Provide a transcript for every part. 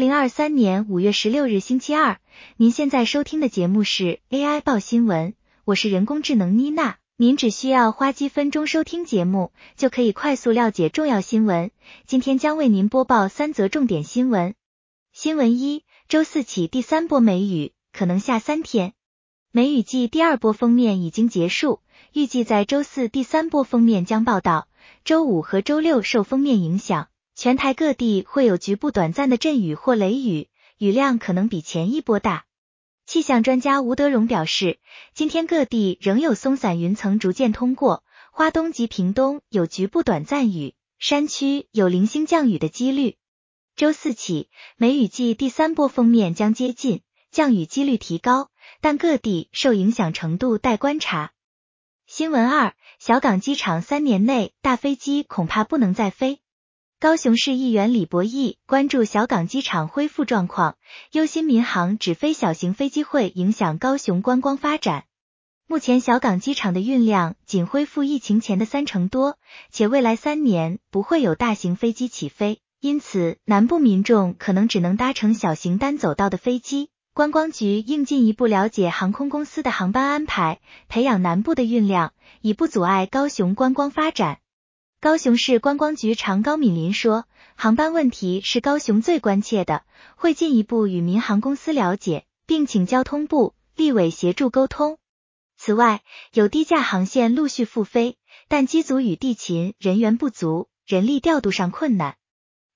二零二三年五月十六日星期二，您現在收聽的節目是 AI 報新聞，我是人工智能妮娜。您只需要花幾分鐘收聽節目，就可以快速了解重要新聞。今天將為您播報三則重點新聞。新聞一，周四起第三波梅雨可能下三天，梅雨季第二波鋒面已經結束，預計在周四第三波鋒面將報到，周五和周六受鋒面影響。全台各地會有局部短暫的陣雨或雷雨，雨量可能比前一波大。氣象專家吳德榮表示，今天各地仍有鬆散雲層逐漸通過，花東及屏東有局部短暫雨，山區有零星降雨的幾率。周四起，梅雨季第三波鋒面將接近，降雨幾率提高，但各地受影響程度待觀察。新聞二：小港機場三年內大飛機恐怕不能再飛。高雄市議員李博毅關注小港機場恢復狀況，憂心民航只飛小型飛機會影響高雄觀光發展。目前小港機場的運量僅恢復疫情前的三成多，且未來三年不會有大型飛機起飛，因此南部民眾可能只能搭乘小型單走道的飛機。觀光局應進一步了解航空公司的航班安排，培養南部的運量，以不阻礙高雄觀光發展。高雄市觀光局長高敏林說，航班問題是高雄最關切的，會進一步與民航公司了解，並請交通部、立委協助溝通。此外，有低價航線陸續復飛，但機組與地勤人員不足，人力調度上困難。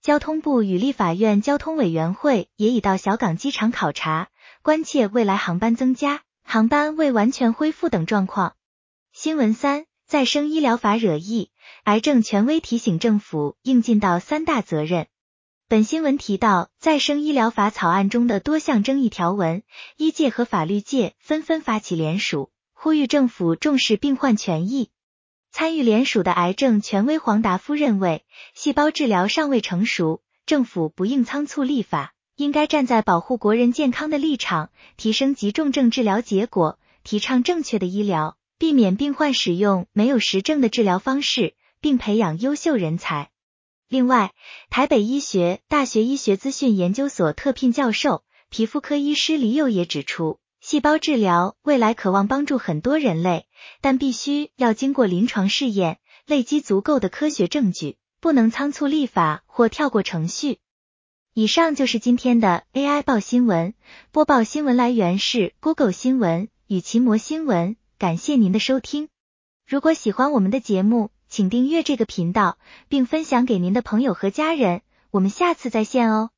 交通部與立法院交通委員會也已到小港機場考察，關切未來航班增加、航班未完全恢復等狀況。新聞三。再生醫療法惹議，癌症權威提醒政府應盡到三大責任。本新聞提到再生醫療法草案中的多項爭議條文，醫界和法律界紛紛發起聯署，呼籲政府重視病患權益。參與聯署的癌症權威黃達夫認為，細胞治療尚未成熟，政府不應倉促立法，應該站在保護國人健康的立場，提升急重症治療結果，提倡正確的醫療。避免病患使用沒有實證的治療方式，並培養優秀人才。另外，台北醫學大學醫學資訊研究所特聘教授、皮膚科醫師李友也指出，細胞治療未來可望幫助很多人類，但必須要經過臨床試驗，累積足夠的科學證據，不能倉促立法或跳過程序。以上就是今天的 AI 報新聞。播報新聞來源是 Google 新聞與奇摩新聞。感謝您的收聽，如果喜歡我們的節目，請訂閱這個頻道，並分享給您的朋友和家人。我們下次再見哦。